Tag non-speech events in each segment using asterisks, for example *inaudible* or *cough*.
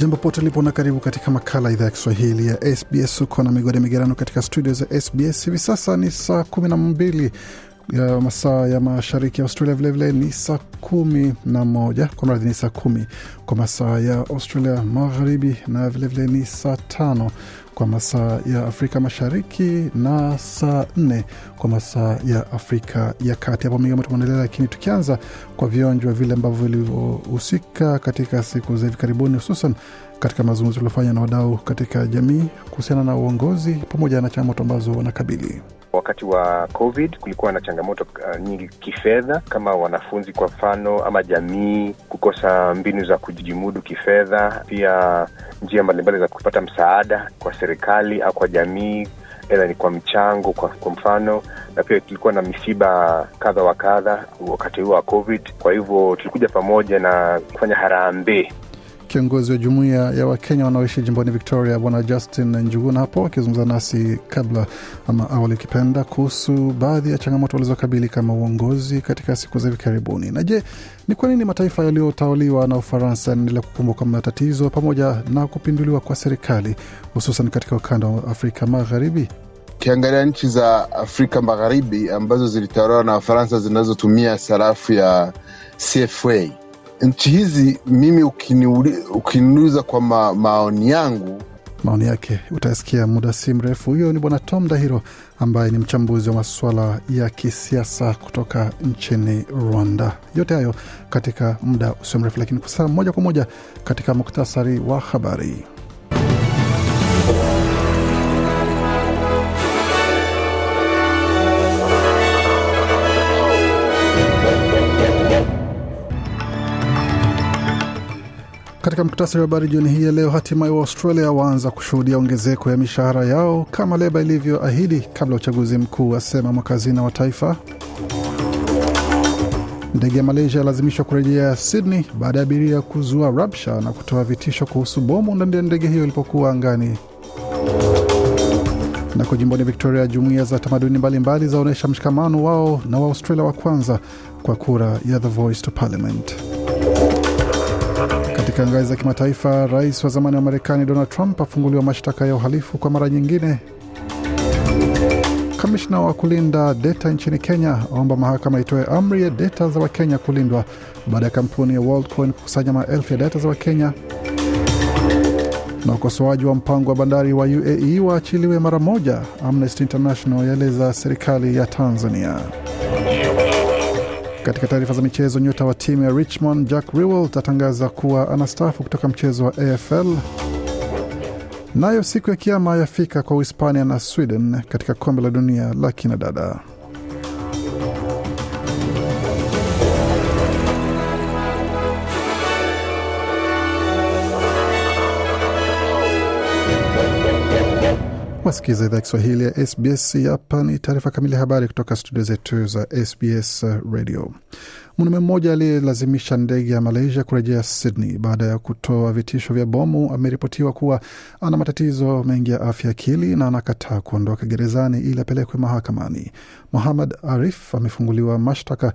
Jambo pote lipo na karibu katika makala idhaa ya Kiswahili ya SBS. Uko na migode migerano katika studio za SBS. Hivi sasa ni saa kumi na mbili ya masaa ya mashariki ya Australia, vilevile vile ni saa kumi na moja kwa mradhi, ni saa kumi kwa masaa ya Australia magharibi, na vilevile vile ni saa tano kwa masaa ya Afrika Mashariki na saa nne kwa masaa ya Afrika ya Kati. Hapo mengi ambayo tumeendelea, lakini tukianza kwa vionjwa vile ambavyo vilivyohusika katika siku za hivi karibuni, hususan katika mazungumzo yaliyofanywa na wadau katika jamii kuhusiana na uongozi pamoja na changamoto ambazo wanakabili. Wakati wa COVID kulikuwa na changamoto uh, nyingi kifedha, kama wanafunzi kwa mfano, ama jamii kukosa mbinu za kujimudu kifedha, pia njia mbalimbali za kupata msaada kwa serikali au kwa jamii ela ni kwa mchango kwa, kwa mfano na pia tulikuwa na misiba kadha wa kadha wakati huo wa COVID. Kwa hivyo tulikuja pamoja na kufanya harambee kiongozi wa jumuiya ya Wakenya wanaoishi jimboni Victoria, Bwana Justin Njuguna hapo akizungumza nasi kabla ama awali ukipenda, kuhusu baadhi ya changamoto walizokabili kama uongozi katika siku za hivi karibuni. Na je, ni kwa nini mataifa yaliyotawaliwa na Ufaransa yanaendelea kukumbwa kwa matatizo pamoja na kupinduliwa kwa serikali hususan katika ukanda wa Afrika Magharibi? Ukiangalia nchi za Afrika Magharibi ambazo zilitawaliwa na Wafaransa zinazotumia sarafu ya CFA nchi hizi mimi ukiniuliza kwa ma, maoni yangu maoni yake utasikia muda si mrefu. Huyo ni Bwana Tom Dahiro ambaye ni mchambuzi wa masuala ya kisiasa kutoka nchini Rwanda. Yote hayo katika muda usio mrefu, lakini kwa moja kwa moja katika muktasari wa habari. Katika muktasari wa habari jioni hii ya leo, hatimaye wa Australia waanza kushuhudia ongezeko ya mishahara yao kama leba ilivyoahidi kabla ya uchaguzi mkuu, asema mwakazina wa taifa. Ndege ya Malaysia yalazimishwa kurejea Sydney baada ya abiria kuzua rabsha na kutoa vitisho kuhusu bomu ndani ya ndege hiyo ilipokuwa angani. na Nako jimboni Victoria, jumuiya za tamaduni mbalimbali zaonyesha mshikamano wao na Waaustralia wa kwanza kwa kura ya the voice to parliament. Katika ngazi za kimataifa, rais wa zamani wa Marekani Donald Trump afunguliwa mashtaka ya uhalifu kwa mara nyingine. Kamishna wa kulinda data nchini Kenya aomba mahakama itoe amri ya data za Wakenya kulindwa baada ya kampuni ya Worldcoin kukusanya maelfu ya data za Wakenya. Na ukosoaji wa mpango wa bandari wa UAE waachiliwe mara moja, Amnesty International yaeleza serikali ya Tanzania. Katika taarifa za michezo, nyota wa timu ya Richmond Jack Riewoldt atangaza kuwa anastaafu kutoka mchezo wa AFL. Nayo siku ya kiama yafika kwa Uhispania na Sweden katika kombe la dunia la kinadada. Wasikiza idhaa Kiswahili ya SBS. Hapa ni taarifa kamili ya habari kutoka studio zetu za SBS Radio. Mwanaume mmoja aliyelazimisha ndege ya Malaysia kurejea Sydney baada ya kutoa vitisho vya bomu ameripotiwa kuwa ana matatizo mengi ya afya akili na anakataa kuondoka gerezani ili apelekwe mahakamani. muhamad Arif amefunguliwa mashtaka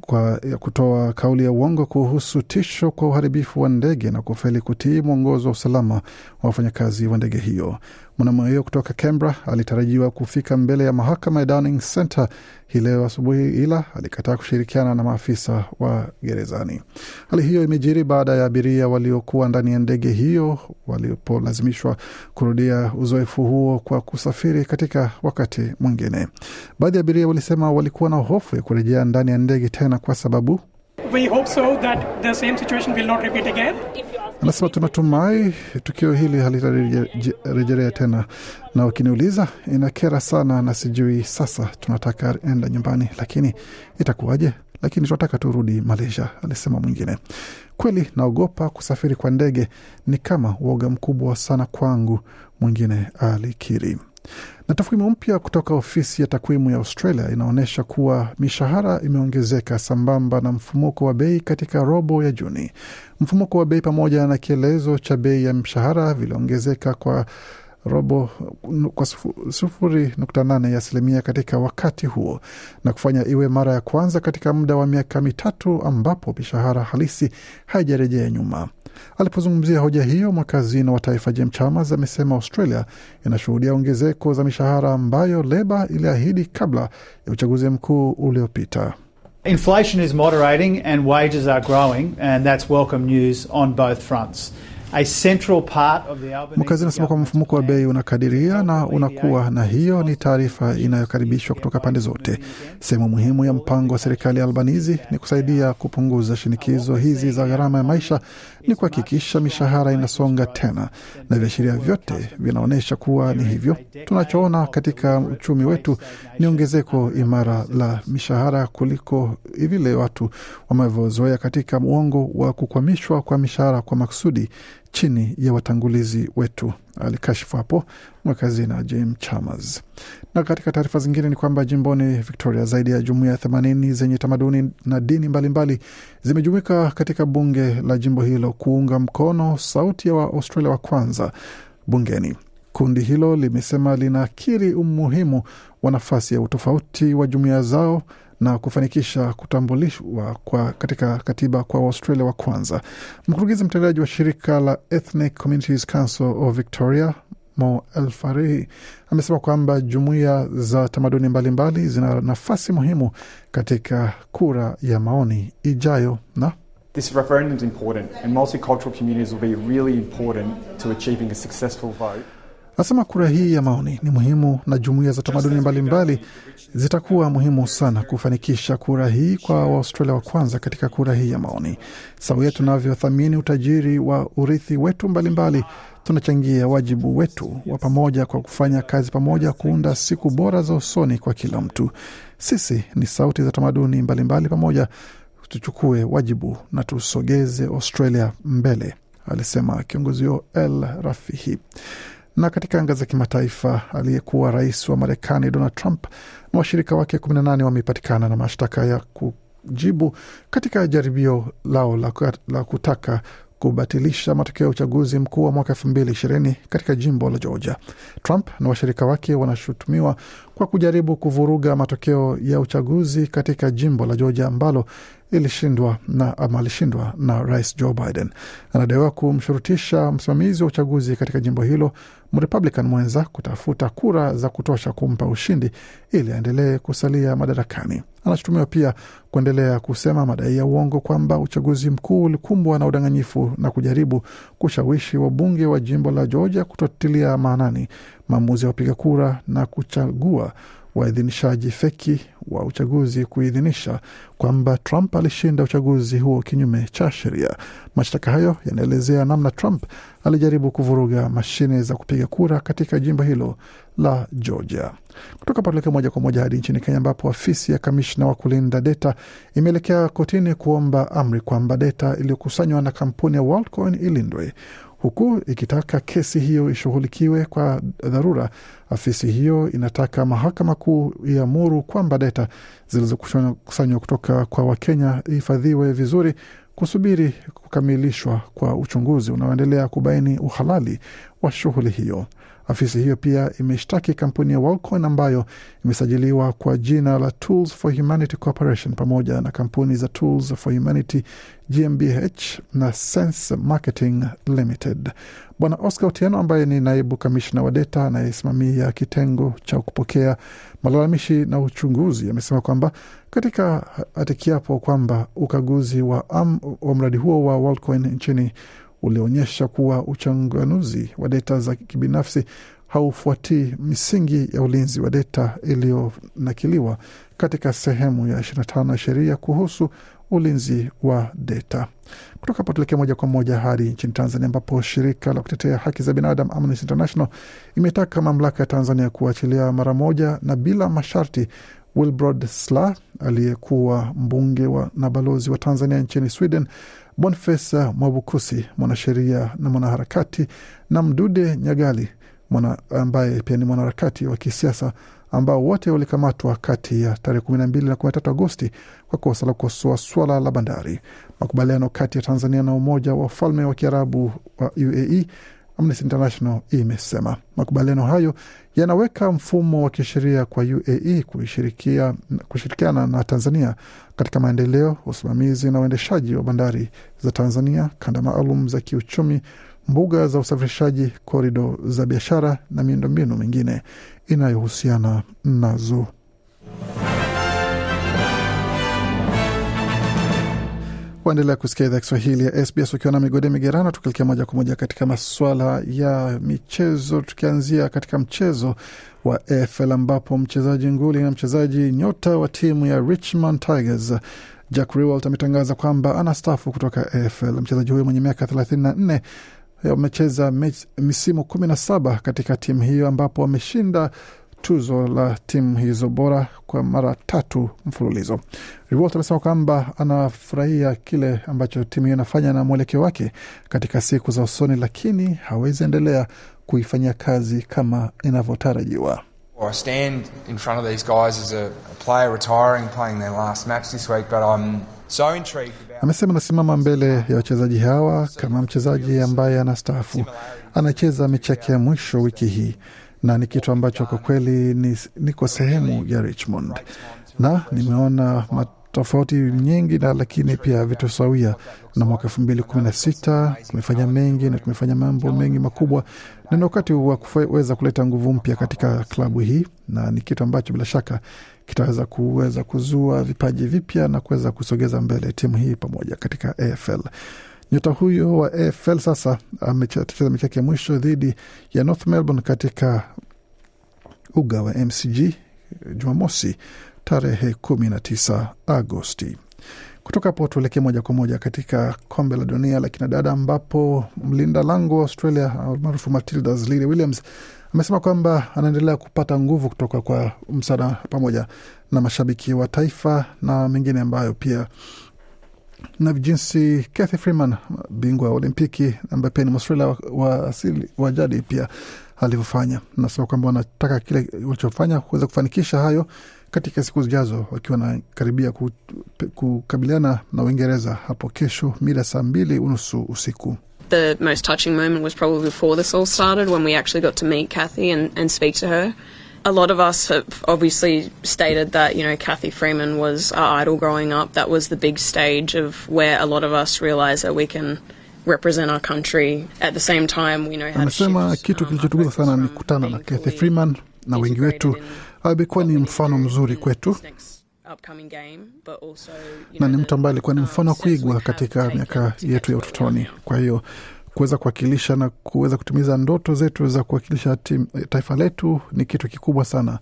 kwa kutoa kauli ya uongo kuhusu tisho kwa uharibifu wa ndege na kufeli kutii mwongozo wa usalama wa wafanyakazi wa ndege hiyo. Mwanamume huyo kutoka Canberra alitarajiwa kufika mbele ya mahakama ya Downing Center hii leo asubuhi, ila alikataa kushirikiana na maafisa wa gerezani. Hali hiyo imejiri baada ya abiria waliokuwa ndani ya ndege hiyo walipolazimishwa kurudia uzoefu huo kwa kusafiri katika wakati mwingine. Baadhi ya abiria walisema walikuwa na hofu ya kurejea ndani ya ndege tena kwa sababu We hope so that the same situation will not repeat again. Anasema tunatumai tukio hili halitarejerea tena, na ukiniuliza inakera sana, na sijui sasa tunataka enda nyumbani, lakini itakuwaje? Lakini tunataka turudi Malaysia, alisema mwingine. Kweli naogopa kusafiri kwa ndege, ni kama uoga mkubwa sana kwangu, mwingine alikiri. Na takwimu mpya kutoka ofisi ya takwimu ya Australia inaonyesha kuwa mishahara imeongezeka sambamba na mfumuko wa bei katika robo ya Juni. Mfumuko wa bei pamoja na kielezo cha bei ya mshahara viliongezeka kwa robo kwa sufuri nukta nane ya asilimia katika wakati huo na kufanya iwe mara ya kwanza katika muda wa miaka mitatu ambapo mishahara halisi haijarejea nyuma. Alipozungumzia hoja hiyo, mwakazino wa taifa James chamas amesema Australia inashuhudia ongezeko za mishahara ambayo Leba iliahidi kabla ya uchaguzi mkuu uliopita. Inflation is moderating and wages are growing and that's welcome news on both fronts. Mkazi anasema kwamba mfumuko wa bei unakadiria na unakuwa, na hiyo ni taarifa inayokaribishwa kutoka pande zote. Sehemu muhimu ya mpango wa serikali ya Albanizi ni kusaidia kupunguza shinikizo hizi za gharama ya maisha, ni kuhakikisha mishahara inasonga tena, na viashiria vyote vinaonyesha kuwa ni hivyo. Tunachoona katika uchumi wetu ni ongezeko imara la mishahara kuliko vile watu wamevyozoea katika mwongo wa kukwamishwa kwa mishahara kwa maksudi chini ya watangulizi wetu, alikashifu hapo mwakazina Jim Chalmers. Na katika taarifa zingine ni kwamba jimboni Victoria, zaidi ya jumuia themanini zenye tamaduni na dini mbalimbali zimejumuika katika bunge la jimbo hilo kuunga mkono sauti ya Waaustralia wa kwanza bungeni. Kundi hilo limesema linakiri umuhimu wa nafasi ya utofauti wa jumuia zao na kufanikisha kutambulishwa kwa katika katiba kwa Waustralia wa kwanza. Mkurugenzi mtendaji wa shirika la Ethnic Communities Council of Victoria Mo Elfarihi amesema kwamba jumuiya za tamaduni mbalimbali zina nafasi muhimu katika kura ya maoni ijayo na This referendum is important and multicultural communities will be really important to achieving a successful vote. Anasema kura hii ya maoni ni muhimu na jumuiya za tamaduni mbalimbali zitakuwa muhimu sana kufanikisha kura hii kwa Waaustralia wa kwanza katika kura hii ya maoni. Sawia tunavyothamini utajiri wa urithi wetu mbalimbali mbali, tunachangia wajibu wetu wa pamoja kwa kufanya kazi pamoja kuunda siku bora za usoni kwa kila mtu. Sisi ni sauti za tamaduni mbalimbali mbali pamoja, tuchukue wajibu na tusogeze Australia mbele, alisema kiongozi huyo El Rafihi. Na katika anga za kimataifa, aliyekuwa rais wa Marekani Donald Trump na washirika wake 18 wamepatikana na mashtaka ya kujibu katika jaribio lao la kutaka kubatilisha matokeo ya uchaguzi mkuu wa mwaka elfu mbili ishirini katika jimbo la Georgia. Trump na washirika wake wanashutumiwa kwa kujaribu kuvuruga matokeo ya uchaguzi katika jimbo la Georgia ambalo ilishindwa na ama alishindwa na Rais Joe Biden. Anadaiwa kumshurutisha msimamizi wa uchaguzi katika jimbo hilo Mrepublican mwenza kutafuta kura za kutosha kumpa ushindi ili aendelee kusalia madarakani anashutumiwa pia kuendelea kusema madai ya uongo kwamba uchaguzi mkuu ulikumbwa na udanganyifu na kujaribu kushawishi wabunge wa jimbo la Georgia kutotilia maanani maamuzi ya wapiga kura na kuchagua waidhinishaji feki wa uchaguzi kuidhinisha kwamba Trump alishinda uchaguzi huo kinyume cha sheria. Mashtaka hayo yanaelezea namna Trump alijaribu kuvuruga mashine za kupiga kura katika jimbo hilo la Georgia. Kutoka patuleke moja kwa moja hadi nchini Kenya, ambapo afisi ya kamishna wa kulinda data imeelekea kotini kuomba amri kwamba data iliyokusanywa na kampuni ya Worldcoin ilindwe huku ikitaka kesi hiyo ishughulikiwe kwa dharura. Afisi hiyo inataka mahakama kuu iamuru kwamba data zilizokusanywa kutoka kwa Wakenya ihifadhiwe vizuri kusubiri kukamilishwa kwa uchunguzi unaoendelea kubaini uhalali wa shughuli hiyo. Afisi hiyo pia imeshtaki kampuni ya Walcon ambayo imesajiliwa kwa jina la Tools for Humanity Corporation pamoja na kampuni za Tools for Humanity GmbH na Sense Marketing Limited. Bwana Oscar Otieno ambaye ni naibu kamishna wa data anayesimamia kitengo cha kupokea malalamishi na uchunguzi amesema kwamba katika atikiapo kwamba ukaguzi wa, wa mradi huo wa Walcoin nchini ulionyesha kuwa uchanganuzi wa data za kibinafsi haufuatii misingi ya ulinzi wa data iliyonakiliwa katika sehemu ya 25 ya sheria kuhusu ulinzi wa data. Kutoka hapo tuelekee moja kwa moja hadi nchini Tanzania, ambapo shirika la kutetea haki za binadamu Amnesty International imetaka mamlaka ya Tanzania kuachilia mara moja na bila masharti Wilbrod Sla aliyekuwa mbunge wa na balozi wa Tanzania nchini Sweden Boniface Mwabukusi, mwanasheria na mwanaharakati, na Mdude Nyagali mwana, ambaye pia ni mwanaharakati wa kisiasa ambao wote walikamatwa kati ya tarehe kumi na mbili na kumi na tatu Agosti kwa kosa la kukosoa swala la bandari. Makubaliano kati ya Tanzania na Umoja wa Falme wa Kiarabu wa UAE Amnesty International imesema makubaliano hayo yanaweka mfumo wa kisheria kwa UAE kushirikiana kushirikia na Tanzania katika maendeleo, usimamizi na uendeshaji wa bandari za Tanzania, kanda maalum za kiuchumi, mbuga za usafirishaji, korido za biashara na miundombinu mingine inayohusiana nazo. Waendelea kusikia idhaa Kiswahili ya SBS ukiwa na migode migerano, tukielekea moja kwa moja katika maswala ya michezo, tukianzia katika mchezo wa AFL ambapo mchezaji nguli na mchezaji nyota wa timu ya Richmond Tigers Jack Riewoldt ametangaza kwamba anastaafu kutoka AFL. Mchezaji huyo mwenye miaka 34 eh, amecheza misimu 17 katika timu hiyo ambapo ameshinda tuzo la timu hizo bora kwa mara tatu mfululizo. Riwot anasema kwamba anafurahia kile ambacho timu hiyo inafanya na mwelekeo wake katika siku za usoni, lakini hawezi endelea kuifanyia kazi kama inavyotarajiwa. so about... Amesema anasimama mbele ya wachezaji hawa kama mchezaji ambaye anastaafu anacheza mechi yake ya mwisho wiki hii na ni kitu ambacho kwa kweli niko ni sehemu ya Richmond na nimeona tofauti nyingi na lakini pia vitu sawia. Na mwaka elfu mbili kumi na sita tumefanya mengi na tumefanya mambo mengi makubwa, na ni wakati wa kuweza kuleta nguvu mpya katika klabu hii, na ni kitu ambacho bila shaka kitaweza kuweza kuzua vipaji vipya na kuweza kusogeza mbele timu hii pamoja katika AFL. Nyota huyo wa AFL sasa amecheza mechi yake ya mwisho dhidi ya North Melbourne katika uga wa MCG eh, Jumamosi tarehe 19 Agosti. Kutoka hapo tuelekee moja kwa moja katika kombe la dunia la kinadada ambapo mlinda lango wa Australia maarufu Matilda Lily Williams amesema kwamba anaendelea kupata nguvu kutoka kwa msaada pamoja na mashabiki wa taifa na mengine ambayo pia na vijinsi Kathy Freeman, bingwa wa Olimpiki ambaye pia ni Mwaustralia wa, asili wa jadi pia alivyofanya. Nasema kwamba wanataka kile walichofanya kuweza kufanikisha hayo katika siku zijazo, wakiwa wanakaribia kukabiliana na Uingereza hapo kesho mida saa mbili unusu usiku. The most touching moment was probably before this all started when we actually got to meet Kathy and, and speak to her a lot of us have obviously stated that you know Kathy Freeman was our idol growing up. That was the big stage of where a lot of us realised that we can represent our country at the same time we know Anasema kitu um, sana ni kutana na Kathy Freeman na wengi wetu amekuwa ah, ni mfano mzuri kwetu na ni mtu ambaye alikuwa ni um, mfano wa kuigwa katika miaka yetu ya utotoni. Kwa hiyo kuweza kuwakilisha na kuweza kutimiza ndoto zetu za kuwakilisha eh, taifa letu ni kitu kikubwa sana,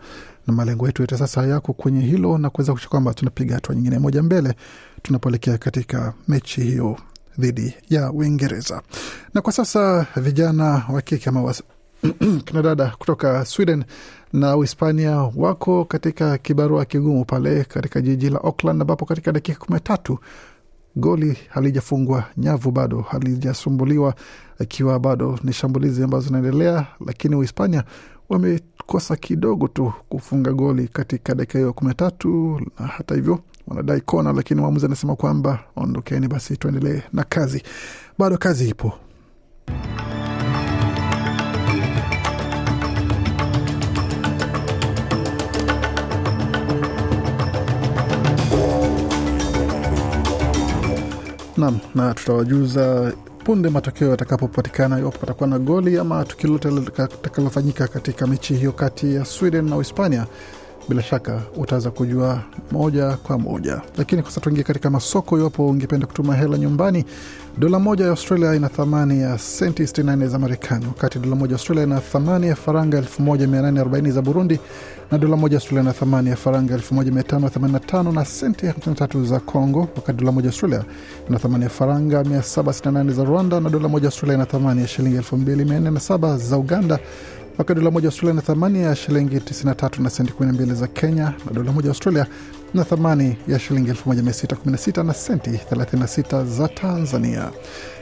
na malengo yetu yote sasa yako kwenye hilo na kuweza kuisha kwamba tunapiga hatua nyingine moja mbele tunapoelekea katika mechi hiyo dhidi ya Uingereza. Na kwa sasa vijana wa kike ama *clears throat* kina dada kutoka Sweden na Uhispania wako katika kibarua kigumu pale katika jiji la Auckland, ambapo katika dakika kumi na tatu goli halijafungwa, nyavu bado halijasumbuliwa, ikiwa bado ni shambulizi ambazo zinaendelea, lakini Uhispania wamekosa kidogo tu kufunga goli katika dakika hiyo kumi na tatu na hata hivyo wanadai kona, lakini mwamuzi anasema kwamba ondokeni, basi tuendelee na kazi. Bado kazi ipo, nam na tutawajuza punde matokeo yatakapopatikana iwapo patakuwa na goli ama tukio lote litakalofanyika katika mechi hiyo kati ya Sweden na Uhispania. Bila shaka utaweza kujua moja kwa moja. Lakini kwa sasa tuingie katika masoko. Iwapo ungependa kutuma hela nyumbani, dola moja ya Australia ina thamani ya senti 68 za Marekani, wakati dola moja ya Australia ina thamani ya faranga 1840 za Burundi, na dola moja ya Australia ina thamani ya faranga 1585 na senti 53 za Congo, wakati dola moja ya Australia ina thamani ya faranga 768 za Rwanda, na dola moja ya Australia ina thamani ya shilingi 2407 za Uganda wakati dola moja Australia na thamani ya shilingi 93 na senti 12 za Kenya, na dola moja Australia na thamani ya shilingi 1616 na senti 36 za Tanzania.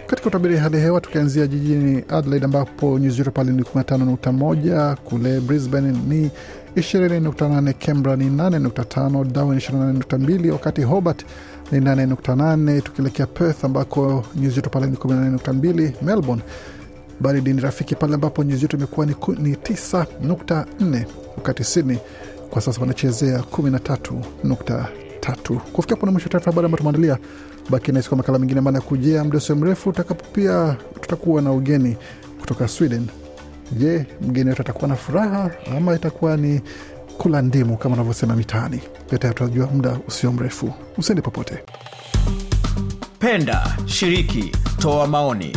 Katika utabiri hali hewa tukianzia jijini Adelaide ambapo nyuzi joto pale ni 15.1, kule Brisbane ni 20.8, Canberra ni 8.5, Darwin 28.2, wakati Hobart ni 8.8, tukielekea Perth ambako nyuzi joto pale ni 18.2, Melbourne Baridi ni rafiki pale ambapo nyuzi joto imekuwa ni 9.4, wakati sini kwa sasa wanachezea 13.3. Kufikia pona mwisho taarifa habari ambayo tumeandalia. Baki nasi kwa makala mengine ya kujia muda usio mrefu utakapo. Pia tutakuwa na ugeni kutoka Sweden. Je, mgeni wetu atakuwa na furaha ama itakuwa ni kula ndimu kama unavyosema mitaani? Yote tutajua muda usio mrefu. Usiende popote. Penda, shiriki, toa maoni